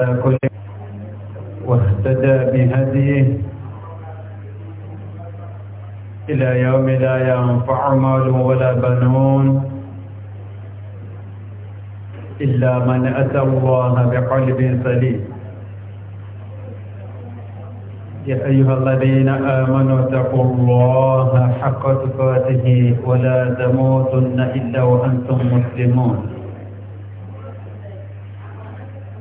كل واهتدى بهديه إلى يوم لا ينفع مال ولا بنون إلا من أتى الله بقلب سليم يا أيها الذين آمنوا اتقوا الله حق تقاته ولا تموتن إلا وأنتم مسلمون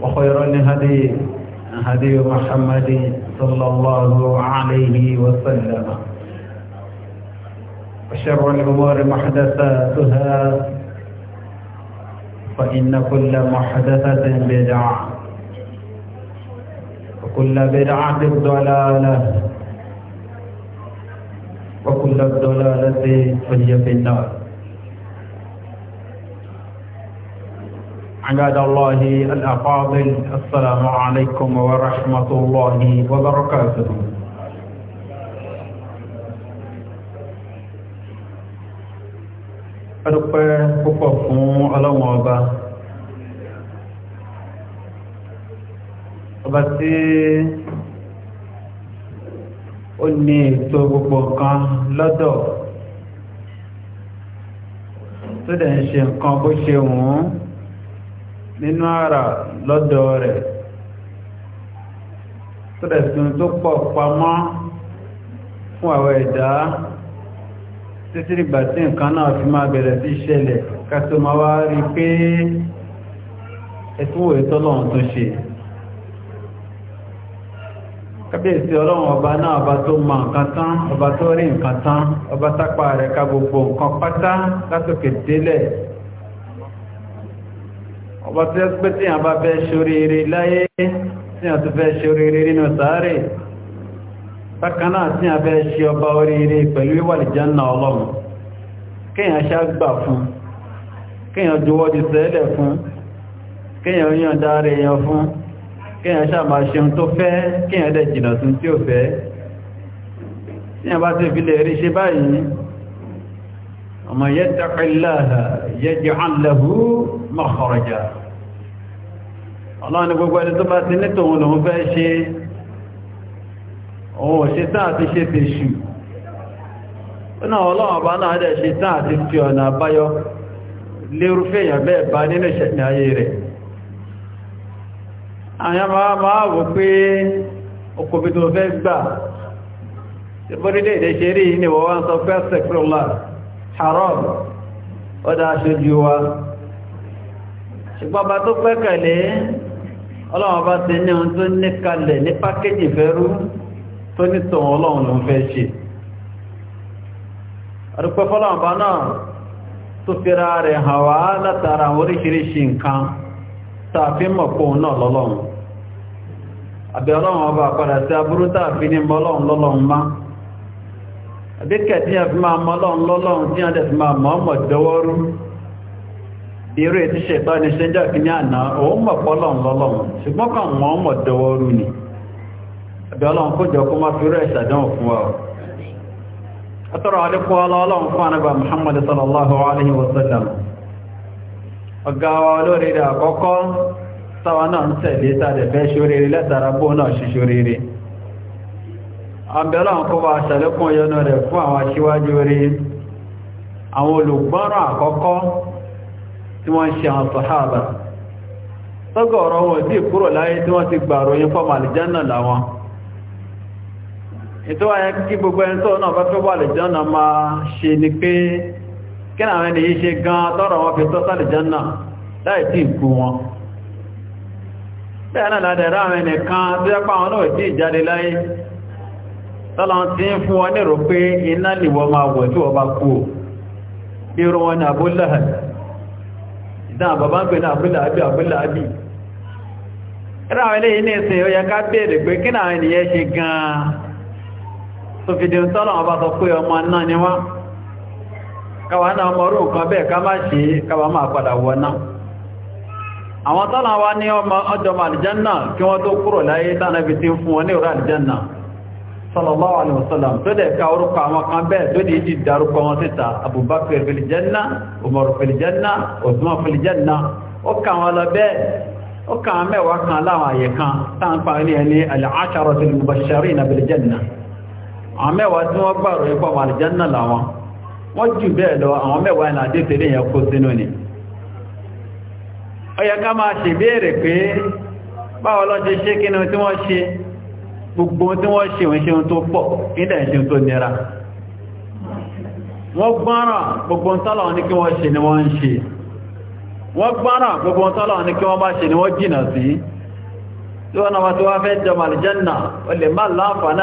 وخير الهدي هدي محمد صلى الله عليه وسلم وشر الأمور محدثاتها فإن كل محدثة بدعة وكل بدعة ضلالة وكل الضلالة فهي في النار عباد الله الأفاضل السلام عليكم ورحمة الله وبركاته adúpẹ́ púpọ̀ fún ọlọ́wọ̀n ọba ọba tí ó ní ètò gbogbo nǹkan lọ́dọ̀ tó dẹ̀ ń ṣe nǹkan bó ṣe wùn nínú ara lọ́dọ̀ rẹ̀ tó dẹ̀sùn tó pọ̀ pamọ́ fún àwọn ẹ̀dá títí ìgbà tí nǹkan náà fi máa bẹ̀rẹ̀ sí ṣẹlẹ̀ kásọ ma wá rí pé ẹ̀túwò ìtọ́lọ́run tó ṣe kábíyèsí ọlọ́run ọba náà ọba tó mọ nǹkan tán ọba tó rí nǹkan tán ọba tápá rẹ̀ ká gbogbo nǹkan pátá látòkè délẹ̀ ọba tí ó pẹ́ tí a bá fẹ́ ṣoríire láyé tí a tó fẹ́ ṣoríire nínú sáré bákanáà tí a fẹ́ ṣe ọba oríire pẹ̀lú ìwàlìjánà ọlọ́run kíyàn ṣá gbà fún kíyàn juwọ́dì sẹ́lẹ̀ fún kíyàn yàn dáre yàn fún kíyàn ṣá máa ṣeun tó fẹ́ kíyàn dẹ̀ jìnà sí tí ó fẹ́ tí a bá ti fi lè rí ṣe báyìí ومن يتق الله يجعل له مخرجا ọlọ́run gbogbo ẹni tó bá ti ní tòun lòun fẹ́ ṣe ohun ṣetán àti ṣe ti ṣù náà ọlọ́run bá náà dẹ̀ ṣetán àti fi ọ̀nà àbáyọ lérúfẹ́ èèyàn bẹ́ẹ̀ bá nínú ìṣẹ̀lẹ̀ ayé rẹ̀ àyàn máa máa wò pé okòbí tó fẹ́ gbà tí bórílẹ̀-èdè ní wọ́n wá ń sọ pẹ́ sẹ́kúrọ̀láà haram ó dá aṣojú wa ṣùgbọ́n bá tó pẹ́kẹ̀lé ọlọ́run bá ti ní ohun tó ní kalẹ̀ fẹ́rú tó ní ló ń fẹ́ ṣe fọ́lọ́run náà tó fira rẹ̀ hàn wá àbíkẹ̀ tí yàn fi máa mọ́ lọ́n lọ́lọ́run tí yàn dẹ̀ fi máa mọ́ mọ̀ dọwọ́rú irú ètí ṣètọ́ ní ṣẹ́jọ́ kìíní àná òun mọ̀ pọ́ lọ́n lọ́lọ́run ṣùgbọ́n kan mọ́ mọ̀ dọwọ́rú ni àbí wa àtọ́rọ̀ àdékọ́ Muhammad sallallahu alaihi wasallam ọ̀gá wa olóríire àkọ́kọ́ táwa náà ń tẹ̀lé tàbí fẹ́ ṣoríire lẹ́tàrà náà ṣe ṣoríire àbẹ̀lọ́ àwọn kọba àṣàlẹ́kùn ọyọ́nà rẹ̀ fún àwọn aṣíwájú rí àwọn olùgbọ́nràn àkọ́kọ́ tí wọ́n ṣe àwọn sọ̀háàbà tọ́gọ̀ ọ̀rọ̀ wọn tí kúrò láyé tí wọ́n ti gbà ròyìn fọ́mà àlìjánà làwọn ètò ayẹ kí gbogbo ẹni tó náà bá fẹ́ wà àlìjánà máa ṣe ni pé tọ́lọ ti ń fún wọn nírò pé iná lìwọ máa wọ̀ tí wọ́n bá kú o irun wọn ni abúláhà ìdá àbàbá ń pè ní abúláhàbí abúláhàbí ìráwọn ilé iná ìsìn ó yẹ ká bèèrè pé kí náà ènìyàn ṣe gan-an tó fi di tọ́lọ sọ pé ọmọ náà ni wá náà ọmọ orú nǹkan bẹ́ẹ̀ ká má ṣe máa padà wọ náà àwọn tọ́lọ wa ní ọjọ́ àlìjánà kí wọ́n tó kúrò láyé tánàbí ti ń fún wọn ní ìrọ̀ sallallahu alaihi wasallam tó dẹ̀ ka orúkọ àwọn kan bẹ́ẹ̀ tó dẹ̀ ìdí darúkọ wọn síta abubakar filijanna umaru filijanna osman filijanna ó kà wọn lọ bẹ́ẹ̀ ó kà wọn mẹ́wàá kan láwọn àyè kan táǹpà ní ẹni al-asharatul mubashsharina biljanna àwọn mẹ́wàá tí wọ́n gbàrò ipò àwọn aljanna làwọn wọ́n jù bẹ́ẹ̀ lọ àwọn mẹ́wàá ìnà àdéfèrè yẹn kó sínú ni ó yẹ ká máa ṣèbéèrè pé báwo lọ́ gbogbo tí wọ́n ṣe òun tó pọ̀ tó nira wọ́n gbogbo ní kí wọ́n ṣe ni wọ́n ṣe wọ́n gbogbo ní kí wọ́n ṣe ni wọ́n jìnà sí tí wọ́n tó wá fẹ́ jọmọ̀ àlìjẹ́nà o lè má láǹfààní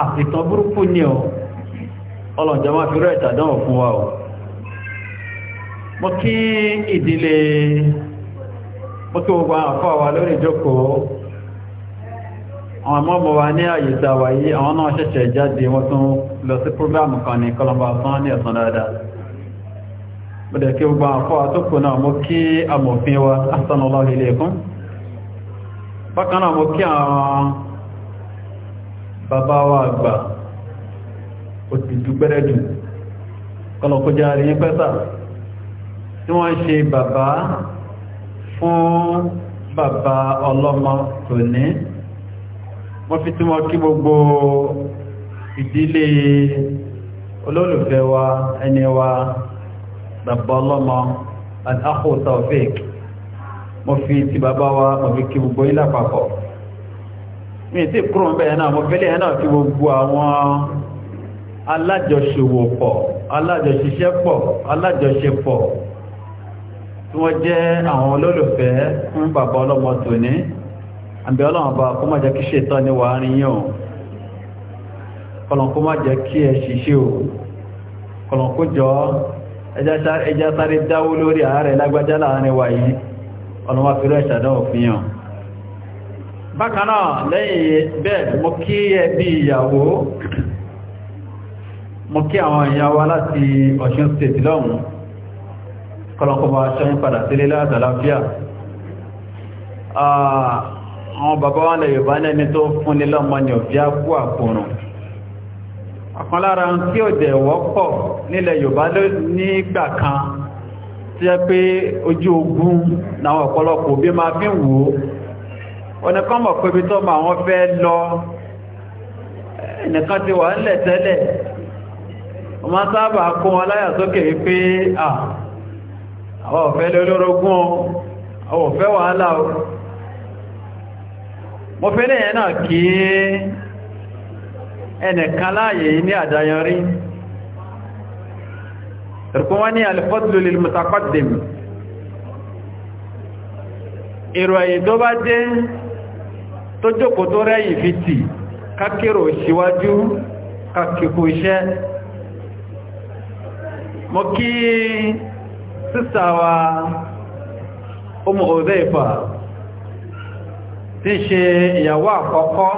àfìtàn ah, burúkú ní ọ ọlọ́njẹ́ fi rẹ̀ wa o mo kí ìdílé mo kí gbogbo àwọn wa lórí ìjókòó àwọn ọmọ wa ní àyè wà yí àwọn náà ṣẹ̀ṣẹ̀ jáde wọ́n tún lọ sí prógámù kan ní kọlọmbà sán ní dáadáa mo dẹ̀ kí gbogbo wa bákan náà mo bàbá wa àgbà ó ti dúpẹ́rẹ́ jù kọlọ̀kọjá rí pẹ́sà tí wọ́n ṣe bàbá fún bàbá ọlọ́mọ tòní wọ́n fi tí wọ́n kí gbogbo ìdílé olólùfẹ́ wa ẹni wa bàbá ọlọ́mọ àti àkóòtà òfèèkì mo fi ti bàbá wa mo fi kí gbogbo ilé àpapọ̀ mi ti kúrò ń bẹ̀rẹ̀ náà mo fẹ́lẹ̀ náà fi gbogbo àwọn alájọṣòwò pọ̀ alájọṣiṣẹ́ pọ̀ alájọṣe pọ̀ tí wọ́n jẹ́ àwọn olólùfẹ́ fún bàbá ọlọ́mọ tòní àbí ọlọ́mọ bá kó má jẹ́ kí ṣètọ́ ní wàá rí yàn kọlọ̀kó má jẹ́ kí ẹ ṣiṣẹ́ o kọlọ̀kó jọ ẹjá sáré dáwó lórí ààrẹ lágbájá láàrin wà yìí ọlọ́mọ fi rẹ̀ fi yàn bákanáà lẹ́yìn bẹ́ẹ̀ mo kí ẹbí ìyàwó mo kí àwọn ìyàwó láti Ọ̀ṣun state lọ́hùn kọlọ̀kọ̀bọ̀ aṣọ́yìn padà sílé látàláfíà àwọn bàbá wọn lè yọ̀bá nẹ́ni tó fún ní lọ́mọ ni ò bí á kú àkùnrùn ọ̀kan lára ń tí ò oníkan mọ̀ pé bí tó ma wọ́n fẹ́ lọ ẹnìkan ti wà nílẹ̀ tẹ́lẹ̀ wọ́n máa sábà kún wọn láyà sókè pé àwọn ọ̀fẹ́ lórógún àwọn ọ̀fẹ́ wàhálà o mo fẹ́ lẹ́yìn náà kí ẹnìkan láàyè ní àdáyanrí ìrùkún wọ́n ní alifọ́tìlú lè mùtàkọ́dìmì ìrọ̀ èyí bá dé tó jókòó tó rẹ́yìn fi tì kákèrò síwájú kàkìkò iṣẹ́ mo kí sísà wa Umu Uzaifa tí ṣe ìyàwó àkọ́kọ́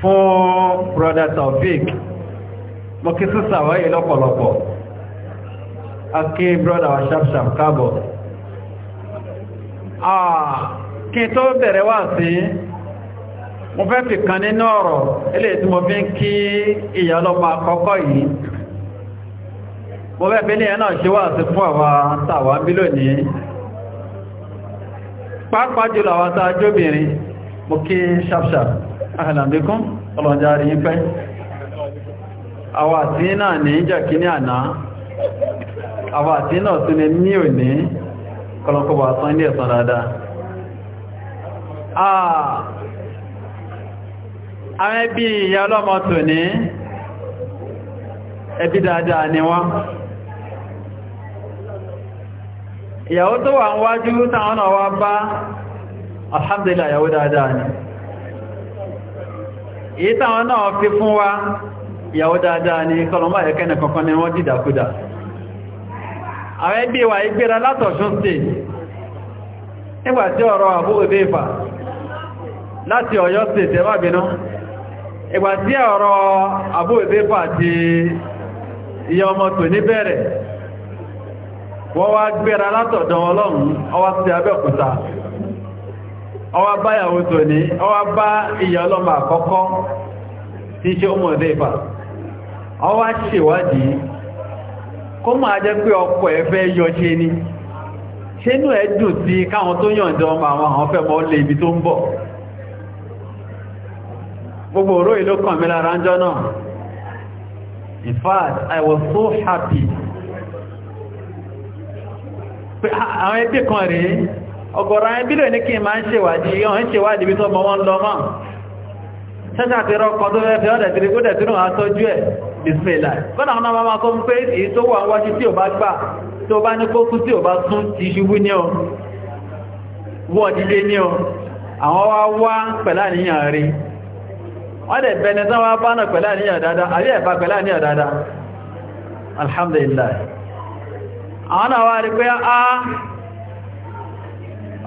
fún brother Taufik mo kí sísà wa yìí lọ́pọ̀lọpọ̀ a brother wa sharpsharp káàbọ̀ ah kí tó bẹ̀rẹ̀ wá sí mo fẹ́ fi kan nínú ọ̀rọ̀ eléyìí tí mo fi ń kí ìyá ọlọ́mọ àkọ́kọ́ yìí mo fẹ́ fi níyẹn náà ṣe wà sí fún àwa tàwa bí lónìí pàápàá jùlọ àwọn tá a jóbìnrin mo kí ṣàpṣà àhàlàndínkún ọlọ́njà rí pẹ́ àwọn àti náà ní jẹ́kí ní àná àwọn àti náà tún ní ní òní ilé ẹ̀sán dáadáa ah, àwọn ẹbí ìyá ọlọ́mọ tò ní ẹbí dáadáa ni wọ́n ìyàwó tó wà ń wájú táwọn náà wá bá alhamdulillah ìyàwó dáadáa ni èyí táwọn náà fi fún wa ìyàwó dáadáa ni kọlọmọ kankan ni wọ́n dìdàkúdà wa láti ọ̀yọ́ ìgbà tí ọ̀rọ̀ abúwẹ̀bẹ́fà ti iye ọmọ tò ní bẹ̀rẹ̀ wọ́n wá gbéra látọ̀dọ̀ ọlọ́run ọwá sí abẹ́òkúta ọwá báyàwó tò ní ọwá bá iye ọlọ́mà àkọ́kọ́ tí ṣe ọwá ṣèwádìí kó máa jẹ́ pé yọ ṣe ni ṣe inú dùn sí káwọn tó ọmọ àwọn àwọn fẹ́ mọ́ ibi gbogbo òró ìlú kan mi lára ń jọ náà in fact i was so happy pé àwọn ẹbí kan rí ọgọ̀rọ̀ àwọn ẹbí lè ní kí n máa ń ṣèwádìí ọ̀hún ṣèwádìí bí tó mọ́ wọn lọ mọ́ ṣẹ́ṣà ti rọ́kọ̀ tó fẹ́ fẹ́ ọ̀dẹ̀ tí ó dẹ̀ tí ó àtọ́jú ẹ̀ bismillah bọ́nà ọ̀nà bá máa kọ́ ń pé èyí tó wà wájú tí ò bá gbà tó bá ní kókú tí ò bá tún ti ṣubú ní ọ wọ́ọ̀dílé ní ọ àwọn wá wá pẹ̀lá níyàn rí wọ́n dẹ̀ bẹni tán wá bá náà pẹ̀lá àníyàn dáadáa àrí ẹ̀bá pẹ̀lá àníyàn dáadáa alhamdulillah àwọn náà wá rí pé á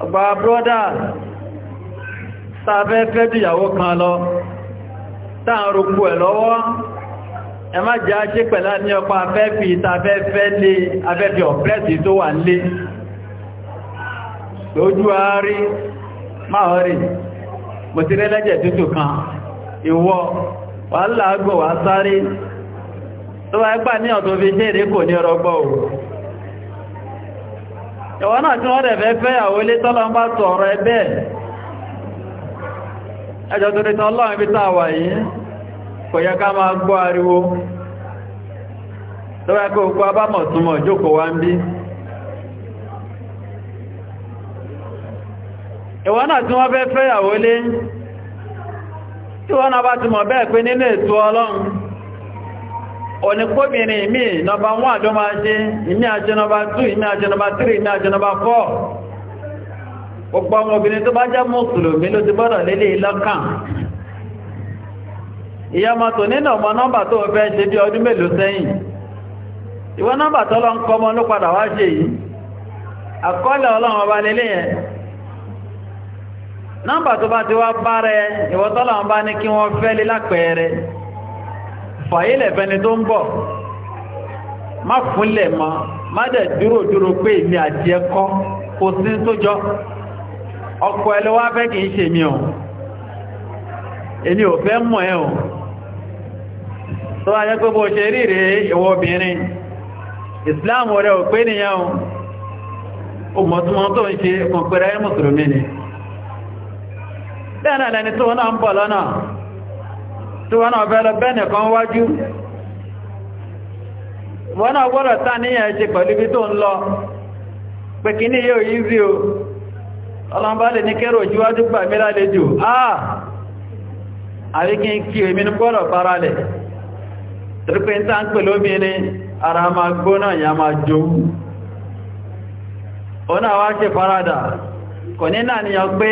ọgbà brọ́dà sáfẹ́ fẹ́ jùyàwó kan lọ táà rúgbò ẹ̀ lọ́wọ́ ẹ má jẹ́ ajé pẹ̀lá ní ọpa afẹ́fì ìtafẹ́fẹ́ lé afẹ́fì ọ̀pẹ́sì tó wà lé lójú àárí máa rí mo ti rẹ́lẹ́jẹ̀ tútù kan ìwọ wà láàgbò wà sáré tó bá ẹgbà ní ọ̀tọ̀ fi ṣe ní o Iwọ náà tí wọ́n rẹ̀ fẹ́ fẹ́yàwó lé tọ́lọ ń bá ẹgbẹ́ ẹjọ́ tó rí náà tí wọ́n fẹ́ tí wọ́n náà bá ti mọ̀ bẹ́ẹ̀ pé nínú ètò ọlọ́run onípòbìnrin ìmí nọba wọ́n àjọ máa ṣe ìmí àjẹ́ nọba 2 ìmí àjẹ́ nọba 3 ìmí àjẹ́ nọba 4 gbogbo ọmọ obìnrin tó bá jẹ́ mùsùlùmí ló ti bọ́dọ̀ lélé lọ́kàn ìyàmọ̀tò nínú ọmọ nọ́mbà tó fẹ́ ṣe bí ọdún mélòó sẹ́yìn nọ́mbà ń ló padà wá ṣe yìí àkọọ́lẹ̀ ọlọ́run ọba lélé yẹn nọ́mbà tó bá ti wá rẹ ìwọ́tọ́lọ̀ ń bá ní kí wọ́n fẹ́ lé lápẹẹrẹ fàyílẹ̀ fẹ́ni tó ń bọ̀ má fúnlẹ̀ mọ́ má dẹ̀ dúró dúró pé èmi àti ẹkọ́ kò sí tó jọ ọkọ̀ ló wá fẹ́ kìí ṣe mi ọ̀ èmi ò fẹ́ mọ̀ ẹ́ ọ̀ tó wá jẹ́ pé bó ṣe rí rèé ìwọ obìnrin ìsìláàmù rẹ̀ ò pé nìyẹn ò mọ̀ tó ń ṣe mùsùlùmí ni. bẹ́ẹ̀ náà lẹni tó náà ń bọ̀ lọ́nà tó wọ́n náà bẹ́ẹ̀ lọ bẹ́ẹ̀ nìkan wájú wọ́n náà gbọ́dọ̀ tá níyàn ṣe pẹ̀lú ibi tó ń lọ pé kí ní yóò yí sí o ọlọ́mbà lè ní kẹ́rò jíwájú gbà mí lálejò àà ah! àrí kí n kí èmi ní gbọ́dọ̀ fara lẹ̀ torípé ń tá ń pè lómi ní ara máa gbóná ìyá náà wá ṣe pé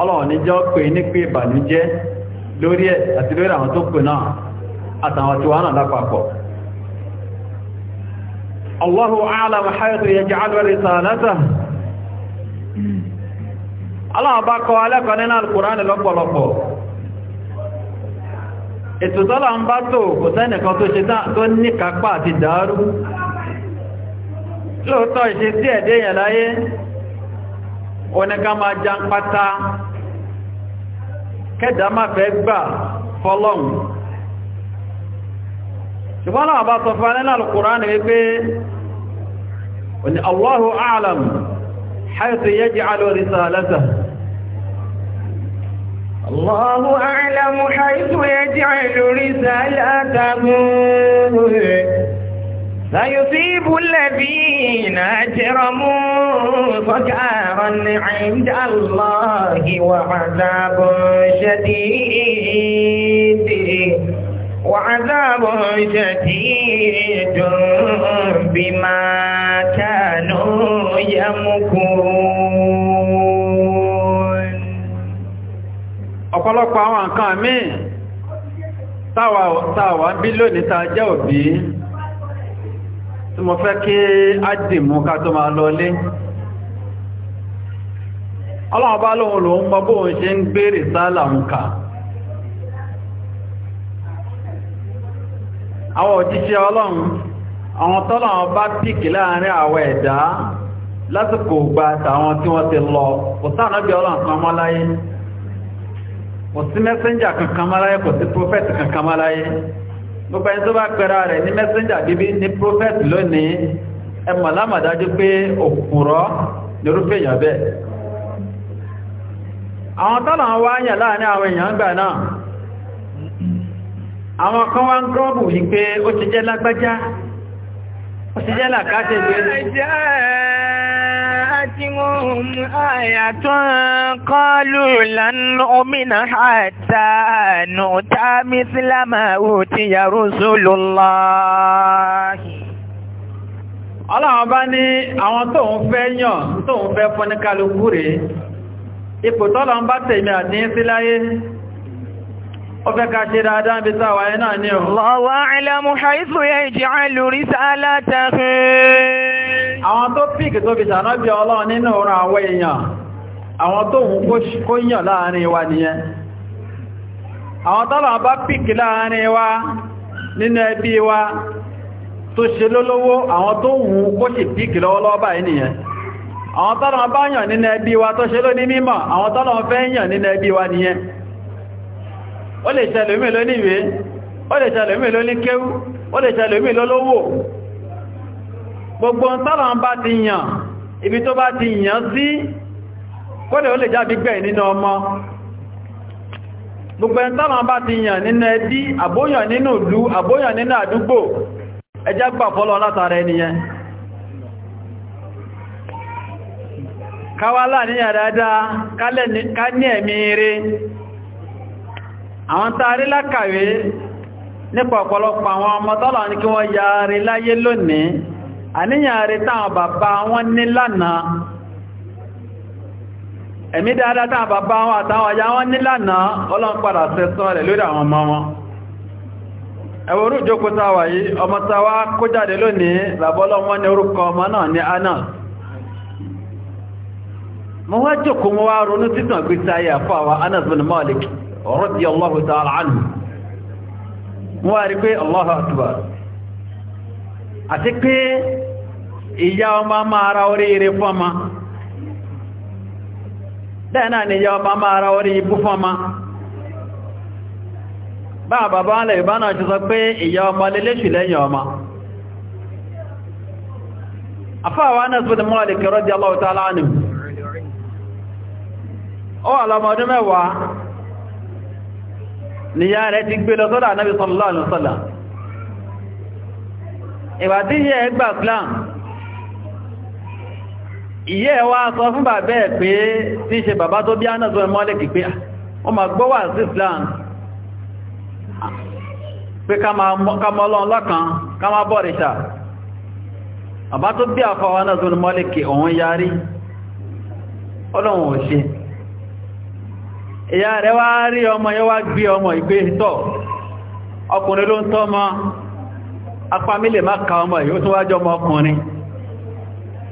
ọlọ́run ní jẹ́ pé ní ìbànújẹ́ lórí ẹ̀ àti lórí àwọn tó pè náà àtàwọn tí wọ́n náà lápapọ̀ Allahu a'lam haythu yaj'alu risalatahu aláwọ̀ bá kọ alẹ́kọ̀ọ́ nínú alkùránì lọ́pọ̀lọpọ̀ ètò tọ́lá ń bá tó kò sẹ́nìkan tó ṣe tó àti ìṣe ẹ̀dẹ́ yẹn láyé máa kẹ́dà má fẹ́ gbà fọ́lọ́hun ṣùgbọ́n náà bá sọ fún ẹlẹ́nà alkùránì wípé wani allahu alam haitu yaj'alu risalata allahu alamu haitu yaj'alu risalata سيصيب الذين أجرموا صكارا عند الله وعذاب شديد وعذاب شديد بما كانوا يمكرون ọ̀pọ̀lọpọ̀ àwọn nǹkan míì táwa táwa bí lónìí tá tí mo fẹ́ kí á dìmú ká tó máa lọ lé ọlọ́run bá lóhun lòun mọ bóhun ṣe ń gbèrè sáàlà ń kà àwọn òjíṣẹ́ ọlọ́run àwọn tọ́lọ̀wọ́n bá pìkì láàrin àwọn ẹ̀dá lásìkò gba àtàwọn tí wọ́n ti lọ kò sáànàbí ọlọ́run kan mọ́ kò sí mẹ́sẹ́njà kankan mọ́ kò sí prófẹ́tì kankan mọ́ gbogbo ẹni tó bá pẹ̀ra rẹ̀ ní mẹ́sẹ́njà bíbí ní prophet lónìí ẹ kpe lámàdájú pé òkúrọ́ lórúfẹ́ èèyàn bẹ́ẹ̀ àwọn tọ́nà wá yàn láàrin àwọn èèyàn gbà náà àwọn kan wá ń gọ́ọ̀bù wípé ó ti jẹ́ تأتهم آية قالوا لن نؤمن حتى نؤتى مثل ما أوتي رسل الله Ọlọ́run bá ní àwọn tó ń fẹ́ yàn tó ń fẹ́ fún ní kálukú rẹ̀. Ipò tọ́lọ ń bá tèmi àti ń sí láyé, ó fẹ́ ká ṣe dáadáa bí sáwà ẹ náà ní ọ̀rọ̀. Allahu a'lamu haythu yaj'alu risalatahu. àwọn tó píkì tó fi ṣànábí ọlọ́run nínú ọ̀rọ̀ àwọn èèyàn àwọn tó hùn kó yàn láàrin wa nìyẹn àwọn tọ́lọ̀ bá píkì láàrin wa nínú ẹbí wa tó ṣe lólówó àwọn tó hùn kó sì píkì lọ́wọ́lọ́wọ́ nìyẹn àwọn tọ́lọ̀ bá yàn nínú ẹbí wa tó ṣe lólówó gbogbo tọ́lọ ń bá ti yàn ibi tó bá ti yàn sí kódẹ̀ ó lè já gbígbẹ̀ nínú ọmọ gbogbo tọ́lọ bá ti yàn nínú ẹbí àbóyàn nínú ìlú àbóyàn nínú àdúgbò ẹjá gbà fọ́lọ́ látara ẹniyẹn káwálà ní ni ká àníyàn rẹ̀ táwọn bàbá wọn ní lánàá ẹ̀mí dáadáa táwọn bàbá wọn àtàwọn ya wọn ní lánàá ọlọ́n padà sẹ́sọ́ lórí àwọn ọmọ wọn ẹwọ́rú ìjókòó táwà yìí ọmọ táwà lónìí làbọ́lọ́ wọn ní orúkọ ọmọ náà ni Anas mo wá jókòó mo wá ronú títàn gbèsè ayé àfọ Malik mo wá rí pé ìyá ọmọ máa ra oríire fọ́mọ dáadáa ni ìyá ọmọ máa ra orí ibú fọ́mọ bá bàbá alẹ́ ìbánà ti sọ pé ìyá ọmọ lélẹ́ṣù lẹ́yìn ọmọ afáwà náà sọ́dọ̀ mọ́lẹ̀ kẹrọ di aláwọ̀ta aláàánù ó wà lọ́mọdún mẹ́wàá níyà tí yẹ ẹgbà islam ìyẹ́ ẹ̀ wá sọ fún bàbá ẹ̀ pé tí ṣe bàbá tó bí ánàzọ ìmọ́lẹ̀kì pé ah, ma gbọ́ wà sí Islam pé ká mọ́ ọlọ́run lọ́kan ká má bọ̀rìṣà bàbá tó bí àfọwọ́ ánàzọ ìmọ́lẹ̀kì ọ̀hún yarí ọlọ́run ṣe ìyá rẹ̀ wá rí ọmọ yẹ́ wá ọmọ ìgbé tọ́ ka ọmọ ọmọ ọkùnrin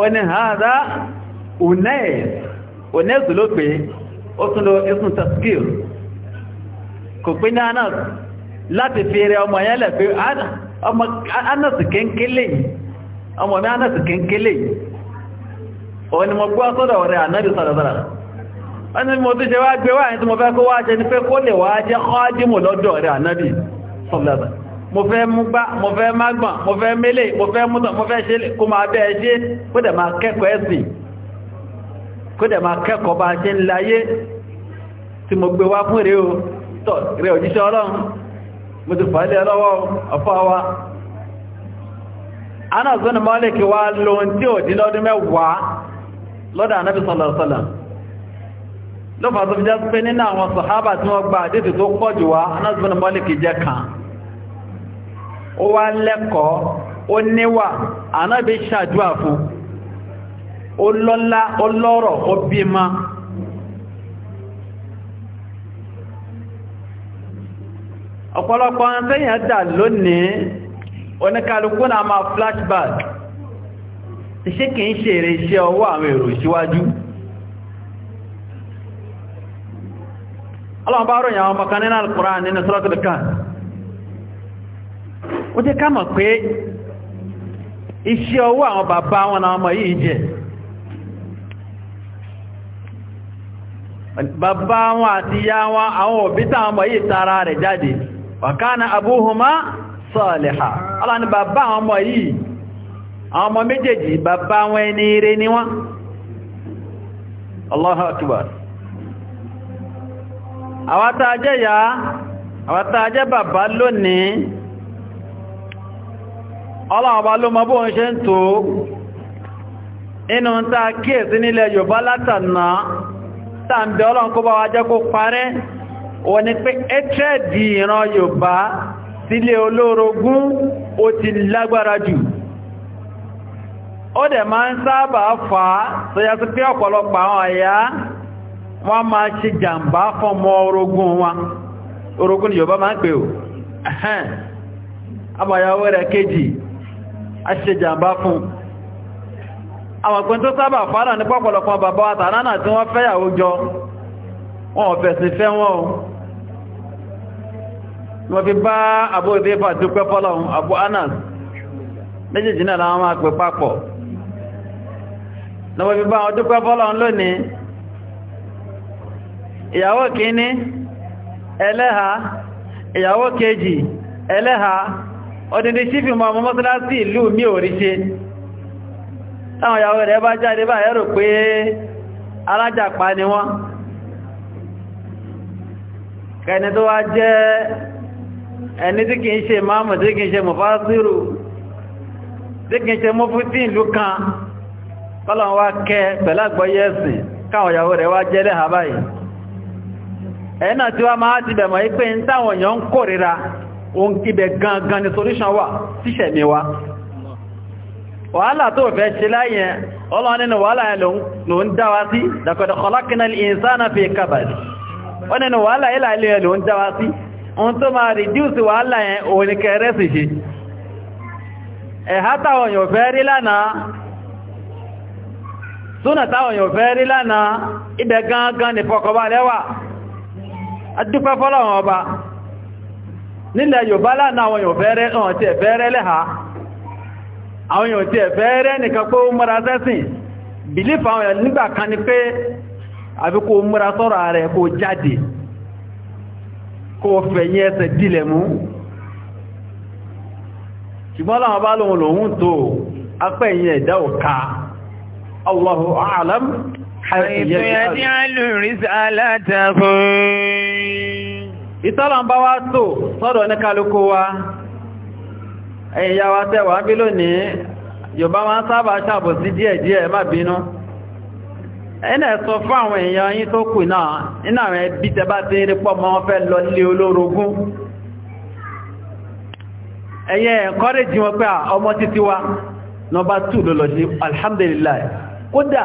ó ní hádá unẹ́ẹ̀sì ló pé ó tún lọ isun taskil kò pín ní anas láti fi rẹ ọmọ yẹn lẹ̀ pé anas kéńkélé ọmọ mi anas kéńkélé òun ni mo gbọ́ sọ́dọ̀ rẹ̀ ànábì sọ̀rọ̀sọ̀rọ̀ wọ́n ni mo tún ṣe wá gbé wáyé tí mo fẹ́ kó wá jẹ ní pé kó lè wá jẹ́ kọ́ mo fẹ́ mú gbá mo fẹ́ má gbọ̀n mo fẹ́ mélè mo fẹ́ mútọ̀ mo fẹ́ ṣe kó máa bẹ́ẹ̀ ṣe kó dẹ̀ máa kẹ́kọ̀ọ́ ẹ̀sìn kó dẹ̀ máa kẹ́kọ̀ọ́ bá ṣe ń láyé tí mo gbé wá fún rẹ̀ o tọ̀ rẹ̀ òjíṣẹ́ ọlọ́run mo ti fàálẹ̀ lọ́wọ́ wa Anas bin Malik wá lóhun tí ò dín lọ́dún mẹ́wàá lọ́dọ̀ Ànábì sallallahu alaihi wasallam lọ́fà tó fi jẹ́ pé nínú àwọn sàhábà tí wọ́n gba àdéjì tó pọ̀ jù wá Anas bin jẹ́ kan ó wá lẹ́kọ̀ọ́ ó níwà ànábì ṣàdúà fún ó lọ́lá ó ọ̀pọ̀lọpọ̀ dà lónìí oníkàlùkù náà ma flashback iṣẹ́ kìí ṣe èrè iṣẹ́ ọwọ́ àwọn èrò síwájú ọlọ́run ròyìn àwọn mọ̀kan nínú nínú ó jẹ́ ká mọ̀ pé iṣẹ́ ọwọ́ àwọn bàbá wọn ọmọ yìí jẹ́ bàbá wọn àti ya wọn àwọn ọmọ yìí tara rẹ̀ jáde wàkánà abúhùmá sọ́ọ̀lẹ̀ha ọlá ni bàbá àwọn ọmọ yìí àwọn ọmọ méjèèjì bàbá wọn ẹni ire ni wọ́n Allahu Akbar ya bàbá lónìí ọlọ́ọ̀bá ló mọ bóhun ṣe ń tó inú ta kíèsí nílẹ̀ Yorùbá látànà tàbí ọlọ́nkó bá wá jẹ́ kó parẹ́ wọ́n ni pé ẹ́tẹ́ẹ̀dì ìran Yorùbá sílé olórogún ó ti lágbára jù ó dẹ̀ máa ń sábà fà á sí pé ọ̀pọ̀lọpọ̀ àwọn àyá wọ́n máa ṣe jàǹbá fọmọ orogún orogún ni Yorùbá máa ń pè ó rẹ̀ kejì aṣèjàmbá fún àwọn ìpín tó sábà fara ní pọ̀pọ̀lọpọ̀ bàbá àtàrà tí wọ́n fẹ́yàwó jọ wọn ò fẹ̀sìn fẹ́ wọn wọ́n fi bá Abu Abu Anas fi ìyàwó kìíní ẹlẹ́ha ìyàwó kejì ẹlẹ́ha ọdún tí ṣífì mọ́ ọmọ mọ́sálásí ìlú mi ò rí ṣe táwọn ìyàwó rẹ̀ bá jáde bá ẹ̀rọ pé alájàpá ni wọ́n kẹni tó wá jẹ́ ẹni tí kìí ṣe máàmù tí kìí ṣe mọ̀fásírù tí kìí ṣe mọ́fútí ìlú kan kọ́lọ̀ wá kẹ káwọn ìyàwó ohun ibẹ̀ gangan ni solution wà tíṣẹ̀ mi wá wàhálà tó fẹ́ ṣe láyẹn ọlọ́run nínú wàhálà yẹn ló ń dáwá sí dàkọ̀dọ̀ khalaqnal insana fi kabad ó nínú wàhálà ilà ilé ló ń dáwá sí ohun tó máa reduce wàhálà yẹn òun ni kẹrẹ sì ṣe ẹ̀há táwọn yóò fẹ́ rí lánàá nílẹ̀ Yorùbá lánàá àwọn èèyàn tí ẹ̀fẹ́rẹ́ lẹ́ha àwọn èèyàn tí ẹ̀fẹ́rẹ́ nìkan pé ó múra sẹ́sìn bìlífà àwọn èèyàn nígbà kan ni pé àbí kó múra sọ́rọ̀ rẹ̀ kó jáde kó fẹ̀yìn ẹsẹ̀ dílẹ̀ mú ṣùgbọ́n láwọn bá lóhun lòun tó apẹ́yìn ẹ̀dá òka Allahu a'lam حيث يجعل رسالته ìtọ́lọ̀ ń bá wá tó sọ́dọ̀ ní kálukú wa ẹ̀yà wa tẹ́wàá bí lónìí Yorùbá máa ń sábà ṣàbòsí díẹ̀díẹ̀ má bínú ẹ̀nà ẹ̀sọ fún àwọn èèyàn yín tó kù náà iná àwọn ẹbí tẹbá tí rí pọ̀ mọ́ fẹ́ lọ lé olórogún ẹ̀yẹ ẹ̀kọ́rẹ́jì wọn pé ọmọ títí wa nọba 2 lọ́lọ́dí alhamdulillah kódà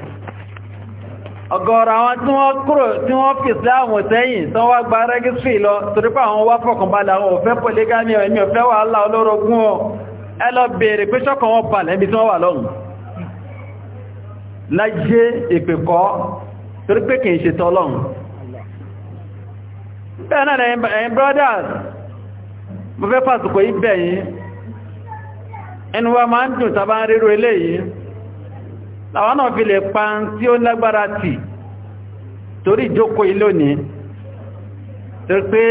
ọ̀gọ̀rọ̀ àwọn tí wọ́n kúrò tí wọ́n fi ìsìláàmù sẹ́yìn tí wọ́n gba rẹ́gísírì lọ torípa àwọn wá fọkànbalẹ̀ àwọn òfẹ́ polygamy ẹ̀mí òfẹ́ wà láà olórogún ọ ẹ lọ bèèrè pé ṣọ́kàn wọn balẹ̀ ibi tí wọ́n wà lọ́rùn láyé ìpẹ̀kọ́ torí pé kìí ṣe tọ́lọ́run bẹ́ẹ̀ náà ẹ̀yin brothers mo fẹ́ fàsùkò yí bẹ̀yìn ẹnu wa máa ń dùn tàbá ń rírò làwọn náà fi lè pa ń tí ó lágbára tì torí ìjókòó yìí lónìí torí pé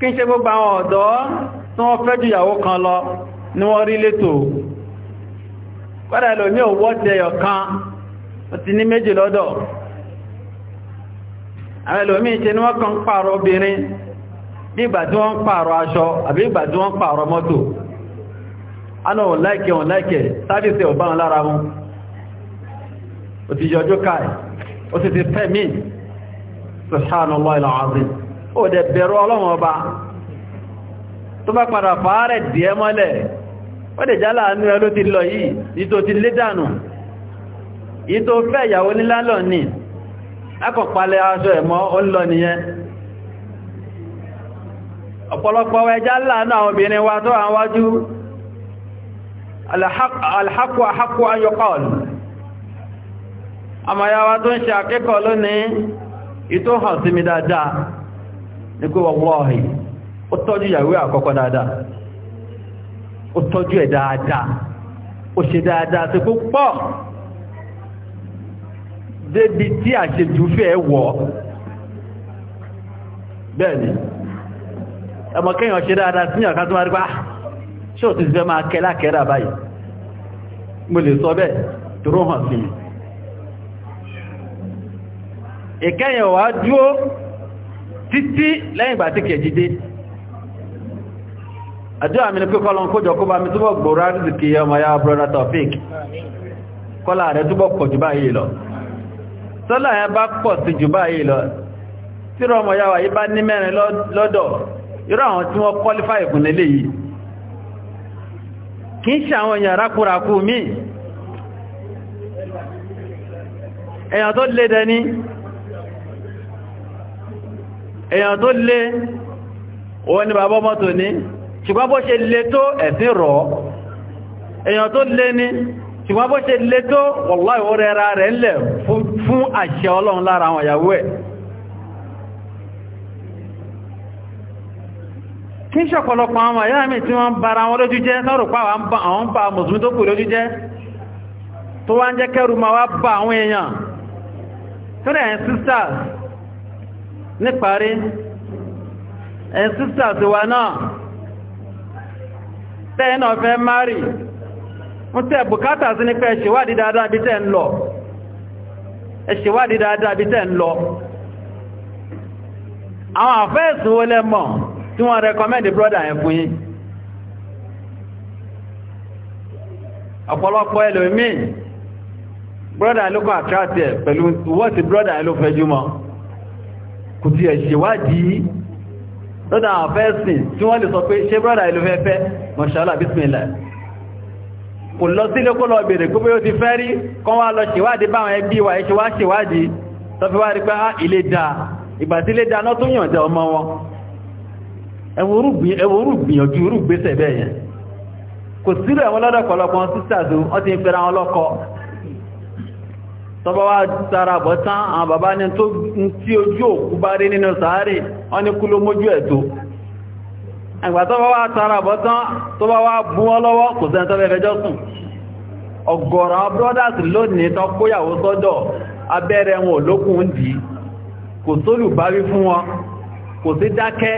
kí n ṣe gbogbo àwọn ọ̀dọ́ tí wọ́n fẹ́ ju ìyàwó kan lọ ni wọ́n rí létò kọ́dà ẹlòmí ò wọ́dẹ ọ̀kan ó ti ní méjì lọ́dọ̀ àwọn ẹlòmí ṣe ni wọ́n kàn ń pààrọ̀ obìnrin bí ìgbà tí wọ́n ń pààrọ̀ aṣọ àbí ìgbà tí wọ́n ń pààrọ̀ mọ́tò ó ti káì ó sì ti fẹ́ mí subhanallah alazim ó dẹ̀ bẹ̀rọ ọlọ́run ọba tó bá padà fàárẹ̀ díẹ̀ mọ́lẹ̀ ó dẹ̀ jálà ti lọ yìí ìtò ti lé dànù ìtò fẹ́ ìyàwó nílá wa àmàyàwá tó ń ṣe akẹ́kọ̀ọ́ lónìí ìtò hàn sí mi dáadáa ní pé wọ́wọ́hì ó tọ́jú ìyàwó àkọ́kọ́ dáadáa ó tọ́jú ẹ̀ dáadáa ó ṣe dáadáa sí púpọ̀ débi tí àṣejù fẹ́ wọ̀ bẹ́ẹ̀ni ẹmọ kéèyàn ṣe dáadáa sí ìyàn kásùmá rí pa ah, ṣé ti fẹ́ máa kẹ́ mo lè sọ bẹ́ẹ̀ tó rọ́ hàn sí mi ìkẹyìn wà dúó títí lẹ́yìn ìgbà tí kẹjídé àdúrà mi ní pé kọ́lọ́n kójọ kó bá mi túbọ̀ àrídìkì ọmọ ya brọ́dá Taofik kọ́lá rẹ̀ túbọ̀ pọ̀ jù báyìí lọ sọ́lá yẹn bá pọ̀ sí jù báyìí lọ tí ọmọ ya wà yí bá ní mẹ́rin lọ́dọ̀ àwọn tí wọ́n kọ́lífà ìkùn yìí ṣe àwọn èèyàn rákúrakú míì èèyàn tó èèyàn tó lé òun ni bàbá ọmọ tòní ṣùgbọ́n bó ṣe lé tó ẹ̀sìn rọ̀ èèyàn tó lé ní ṣùgbọ́n bó ṣe lé tó wọ̀láì ó rẹra rẹ̀ ńlẹ̀ fún àṣẹ ọlọ́run lára àwọn ìyàwó ẹ̀ kí ṣọ̀pọ̀lọpọ̀ àwọn àyá mi tí wọ́n bára wọn lójú jẹ́ sọ́rọ̀ pa àwọn bá tó wá ń jẹ́ kẹrù ma wá bá àwọn èèyàn tó rẹ̀ sisters níparí ẹ̀yìn sísà ti wà náà tẹ́yìn náà fẹ́ márì ń tẹ́ bùkátà sí nípa ẹ̀ṣẹ̀wádìí dáadáa bí tẹ́ ń lọ ẹ̀ṣẹ̀wádìí dáadáa bí tẹ́ ń lọ àwọn àfẹ́ẹ̀sùn ó lẹ́mọ̀ tí wọ́n rẹkọmẹ́ndì brọ́dà yẹn fún yín ọ̀pọ̀lọpọ̀ ẹlòmíì brọ́dà ló kọ́ àtúrátẹ̀ pẹ̀lú wọ́n ti brọ́dà ló fẹjú mọ́ kò tí ẹ̀ ṣèwádìí lọ́dá àfẹ́sìn tí wọ́n lè sọ pé ṣe brọ́dà ìlú fẹ́fẹ́ mọ̀ṣálà bísmìlá kò lọ sílé kó lọ bèèrè kó bí ó ti fẹ́ rí kọ́ wá lọ ṣèwádìí báwọn ẹbí wà ẹ́ ṣe wá ṣèwádìí tọ́fíwárí pé ah, ilé dá ìgbà tí ilé dáná tó yànjẹ tọba wá tara bọ̀ tán àwọn bàbá ní tó ń tí ojú òkú bá rí nínú sàárè wọ́n ní kú ló mójú ẹ̀ ẹgbà tọba wá tara bọ̀ tán tọba wá bú wọ́n lọ́wọ́ kò sẹ́ni tọ́bẹ̀ fẹjọ́ sùn ọ̀gọ̀rọ̀ brothers lónìí tán kóyàwó sọ́dọ̀ abẹ́rẹ́ wọn olókun dì kò sólù bá rí fún wọn kò sí dákẹ́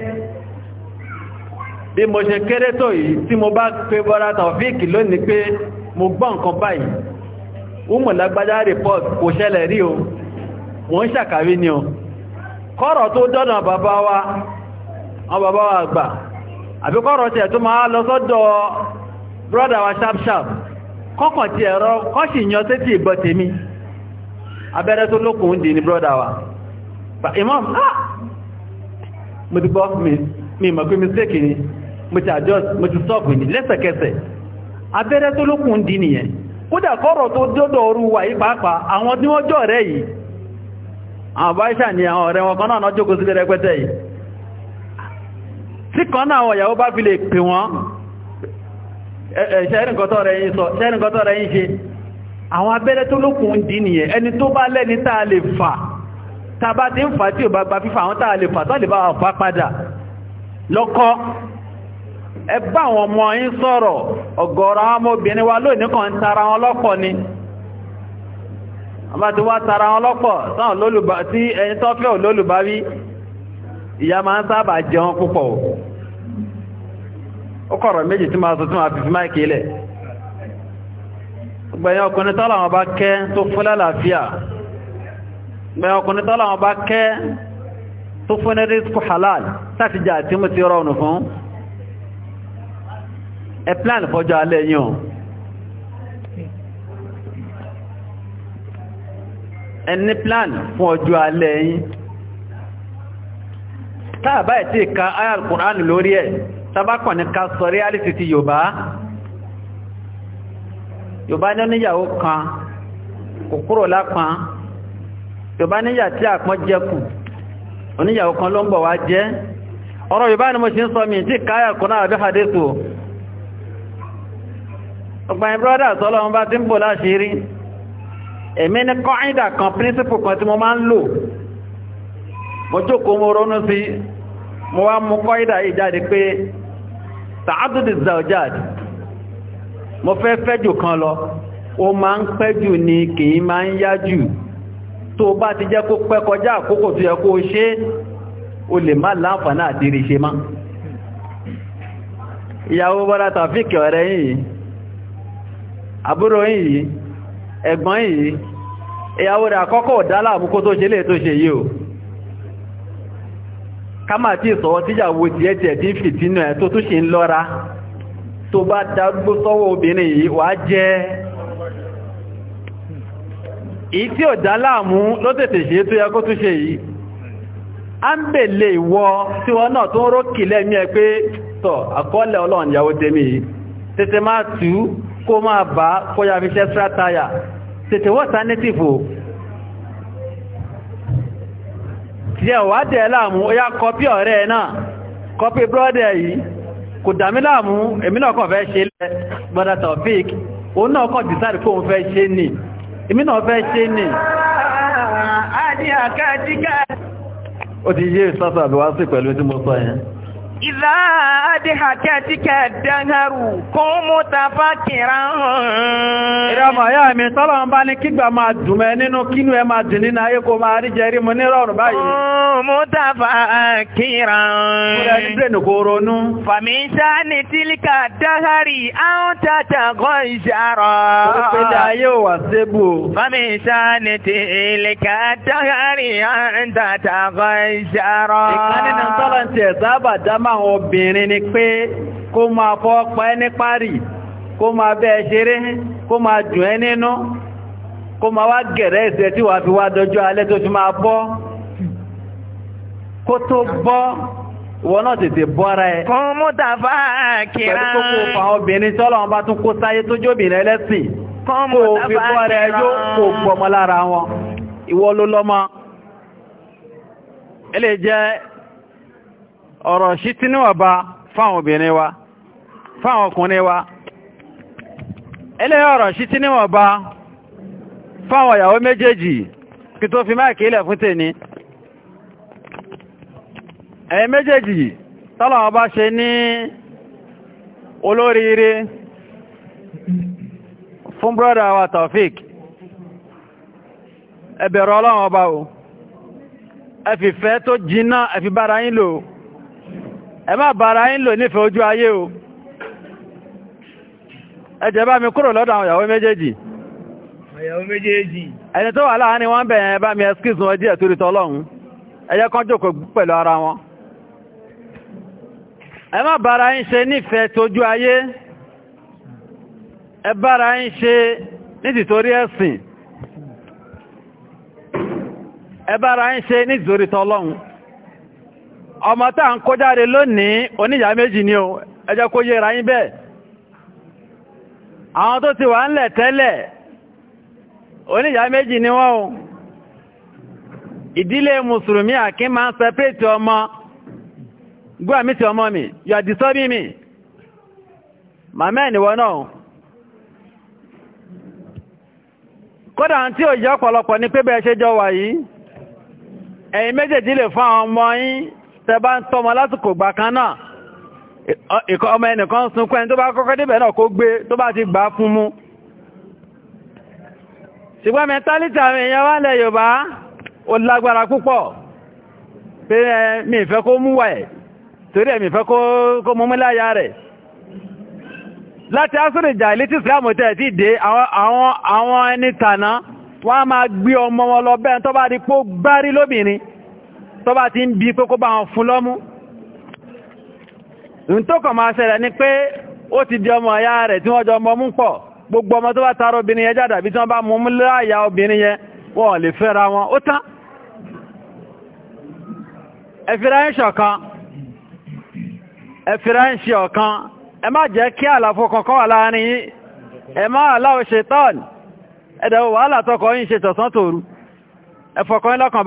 bí mo ṣe kéré tó yìí tí mo bá pé bọ́ra Taofik lónìí pé mo gbọ́ nǹkan báyìí umu lágbájá report kò ṣẹlẹ̀ rí o mo ń ṣàkàwé o kọ́rọ̀ tó dọ́nà bàbá wa wọn wa àgbà àbí kọ́rọ̀ tẹ̀ tó máa lọ sọ́dọ̀ brọ́dà wa sharp sharp kọ́kàn ti ẹ̀rọ kọ́ṣì yan sétí ìbọn tèmi abẹ́rẹ́ tó lókùn dì ní brọ́dà wa imam ah mo ti gbọ́ mi mọ̀ pé ni mo ti adjust mo ti stop ni lẹ́sẹ̀kẹsẹ̀ abẹ́rẹ́ tó kódà kọ́rọ̀ tó dọ́dọ̀ ọrụ wà yí pàápàá àwọn tí wọ́n jọ rẹ̀ yìí àwọn báyíṣà ni àwọn ọ̀rẹ́ wọn kan náà jókòó sílé yìí tí kan náà ìyàwó bá fi lè pè wọ́n ṣẹ́rìnkọ́tọ̀ rẹ̀ yìí ẹ bá àwọn ọmọ yín sọ̀rọ̀ ọ̀gọ̀rọ̀ àwọn ọmọbìnrin wa lónìí kan tara wọn lọ́pọ̀ ni àbá ti wá tara wọn lọ́pọ̀ tí ẹni tó fẹ́ olólùbáwí ìyá máa ń sábà jẹun púpọ̀ ó kọ̀rọ̀ méjì tí máa sọ tí máa fi fi máa kéèlẹ̀ gbẹ̀yìn ọkùnrin tọ́lá wọn bá kẹ́ tó fún lálàáfíà gbẹ̀yìn ọkùnrin tọ́lá wọn bá kẹ́ tó fún ní rísíkù halal láti jà tí mo ti rọrùn fún ẹ plan fọ́jọ́ alẹ́ yín o plan fún ọjọ́ alẹ́ yín táàbá ẹ̀ tí ka ayà al-Qur'an lórí ẹ̀ sábákọ̀ ní ká sọ reality ti Yorùbá Yorùbá ní oníyàwó kan kòkúrò lápán Yorùbá níyà tí àpọ́n jẹ́kù oníyàwó kan ló ń bọ̀ wá jẹ́ ọ̀rọ̀ Yorùbá ni mo ṣe ń sọ mi tí káyà kùnà àbí hadithu ọgbọ̀n ìbrọ́dà tọ́lọ́wọ́n bá ti ń bò láṣírí èmi ní kọ́ìdà kan príncipù kan tí mo máa ń lò mo jókòó mo ronú sí mo wá mú kọ́ìdà yìí jáde pé tààdùdì zaujad mo fẹ́ fẹ́ jù kan lọ ó máa ń pẹ́ jù ni kìí máa ń yá jù tó bá ti jẹ́ kó pẹ́ kọjá àkókò tó yẹ kó ṣe o lè má láǹfààní àdírí ṣe má ìyàwó bọ́lá tàfíkì ọ̀rẹ́ yìí àbúrò yìí ẹ̀gbọ́n yìí ìyàwó rẹ̀ àkọ́kọ́ ọ̀dálà àmúkó tó ṣe lè tó ṣe yìí o ká máa tí ìsọ̀wọ́ tíyàwó tí ẹ̀ tí ẹ̀ tí ń fìtínú ẹ̀ tó tún ṣe ń lọ́ra tó bá dágbó sọ́wọ́ obìnrin yìí wà jẹ́ èyí tí ọ̀dálà àmú ló tètè ṣe tó yẹ kó tún ṣe yìí a ń bèlè ìwọ tí wọ́n náà tó ń rókì lẹ́mí ẹ pé tọ̀ àkọọ́lẹ̀ ọlọ́run ìyàwó tèmi yìí tètè máa tú kó máa bá kọjá fi ṣẹ́ strátaya tètè wọ́ta nẹ́tìfò jẹ́ wà dẹ̀ láàmú ó yá kọpí ọ̀rẹ́ náà kọpí brọ́dẹ̀ yìí kò dàmí láàmú èmi náà kàn fẹ́ ṣe lẹ́ gbọ́dá Taofik ó náà kàn dìsáàdì kó fẹ́ ṣe ní èmi náà fẹ́ ṣe ní ó ti yé ìsọ́sọ̀ àbíwá sí pẹ̀lú tí mo sọ yẹn ìdá àdéhàkẹ́ tí kẹ̀dẹ̀hẹ̀rù kún mú tafà kìrà hàn. ìrọmọ̀ yá mi tọ́lọ̀ ń bá ní kígbà máa dùnmẹ́ nínú kínú ẹ máa dùn nínú ayé kó máa rí jẹrí mu ní rọrùn báyìí. kún mú tafà kìrà hàn. kúrẹ́ ní bírèdì kò ronú. fàmí àwọn obìnrin ni pé kó máa fọ́ pa ẹ́ ní párì kó máa bẹ́ẹ̀ ṣeré kó máa dùn ẹ́ nínú kó máa wá gẹ̀rẹ́ ìṣẹ́ tí wà fi wá dọjọ́ alẹ́ tó fi máa bọ́ kó tó bọ́ ìwọ náà tètè bọ́ra ẹ. kún mú tàbá kíra. pẹ̀lú kókó fàwọn obìnrin tọ́lọ̀ wọn bá tún kó sáyé tó jóbìnrin ẹlẹ́sìn. kún mú tàbá kíra. kó fi bọ́ra ẹ ọ̀rọ̀ sí tí níwọ̀n bá fáwọn obìnrin wa fáwọn ọkùnrin wa ẹlẹ́yìn ọ̀rọ̀ sí tí níwọ̀n bá fáwọn ìyàwó méjèèjì kí tó fi máàkì ilẹ̀ fún tèní ẹ̀yẹ méjèèjì tọ́lọ̀wọ́ ṣe ní olóríire fún brọ́dà wa Taofik ẹbẹ̀rọ ọlọ́wọ́ bá o ẹfìfẹ́ tó jiná ẹfìbára yín lò ẹ má bára yín lò nífẹ̀ẹ́ ojú ayé o ẹ jẹ́ bá mi kúrò lọ́dọ̀ àwọn ìyàwó méjèèjì ìyàwó méjèèjì ẹni tó wà láàárín wọn bẹ̀rẹ̀ bá mi ẹskísùn ọdí ẹ̀ torí tọ́lọ́hun ẹ jẹ́ kán jókòó pẹ̀lú ara wọn ẹ má bára yín ṣe nífẹ̀ẹ́ tójú ayé ẹ bára yín ṣe nítìtorí ẹ̀sìn ẹ bára yín ṣe nítìtorí tọ́lọ́hun ọmọ tá kó lónìí oníyà méjì ni o ẹjọ́ kó yẹra yín bẹ́ẹ̀ àwọn tó ti wà ńlẹ̀ tẹ́lẹ̀ oníyà méjì ni wọ́n o ìdílé mùsùlùmí máa ń sẹpẹ́tì ọmọ gbọ́ mi ti ọmọ mi yọ àdìsọ́bí mi náà kódà tí yẹ ọ̀pọ̀lọpọ̀ ní pé bẹ́ẹ̀ ṣe jọ wà yìí ọmọ tẹba ń tọ́mọ lásìkò gbà kan náà ìkọ́ ọmọ ẹnìkan sunkún ẹni tó bá kọ́kọ́ débẹ̀ náà kó gbé tó bá ti gbà fún mú ṣùgbọ́n mẹ́tálítì àwọn èèyàn wá lẹ̀ Yorùbá ó lágbára púpọ̀ pé mi ìfẹ́ kó mú wà ẹ̀ torí ẹ̀mì ìfẹ́ kó mú mú láyá rẹ̀ láti asúrì jàìlì Islam tẹ̀ ti dé àwọn ẹni tàná wọ́n á máa gbé ọmọ wọn lọ bẹ́ẹ̀ tó bá di pó gbárí lóbìnrin tó bá ti ń bí pé kó bá wọn fún lọ́mú ń tó kàn máa ṣẹlẹ̀ ni pé ó ti di ọmọ ọ̀yá rẹ̀ tí wọ́n jọ mọ́ mú pọ̀ gbogbo ọmọ tó bá tara obìnrin yẹn jáde àbí tí wọ́n bá mú láàyà obìnrin yẹn wọ́n lè fẹ́ra wọn ó tán ẹ̀fìrà ọ̀kan ẹ má jẹ́ kí àlàfo kankan wà láàrin yín ẹ má aláwọ̀ ṣe tọ́ọ̀nì ẹ̀dẹ̀wò wàhálà tọkọ ṣe tọ̀sán tòru ẹ̀fọ̀kan lọ́kàn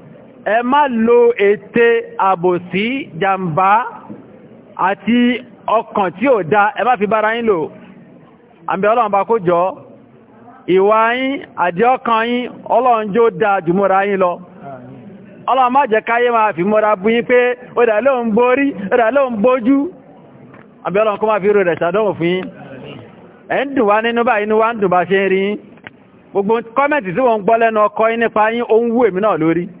ẹ má lo ète àbòsí jàmbá àti ọkàn tí ò dá ẹ má fi bára yín lò àmì ọlọ́run bá kó jọ ìwà yín ọkàn yín ọlọ́run jó dá jùmọ́ra yín lọ ọlọ́run má jẹ́ káyé máa fi mọ́ra bụ yín pé ó dà ló borí ó dà bójú àmì ọlọ́run kó má fi rò rẹ̀ fún yín ẹ̀ ń dùn wá nínú báyìí gbogbo tí wọ́n ń gbọ́ lẹ́nu ọkọ yín nípa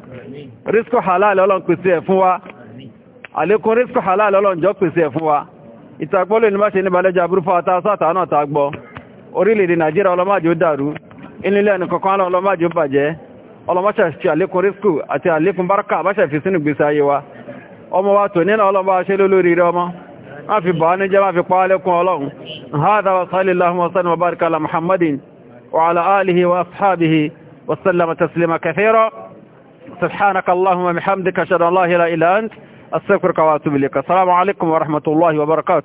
rísíkò halal ọlọ́run pèsè ẹ̀ fún wa àlékún rísíkò halal ọlọ́run jọ pèsè ẹ̀ fún wa ìtàgbọ́lò ní máṣe ní balẹ́jà burúfà àtàsátà náà tàgbọ́ orílẹ̀-èdè nàìjíríà ọlọ́májì ó dàrú ilẹ̀ ẹni kọ̀kan ọlọ́májì ó bàjẹ́ ọlọ́máṣà ti àlékún rísíkò àti àlékún bárkà àbáṣà fi sínú gbèsè في باني في قالك ولهم هذا وصلى الله وسلم وبارك محمد وعلى آله وأصحابه وسلم تسليما كثيرا سبحانك اللهم وبحمدك اشهد ان لا اله الا انت استغفرك واتوب اليك السلام عليكم ورحمه الله وبركاته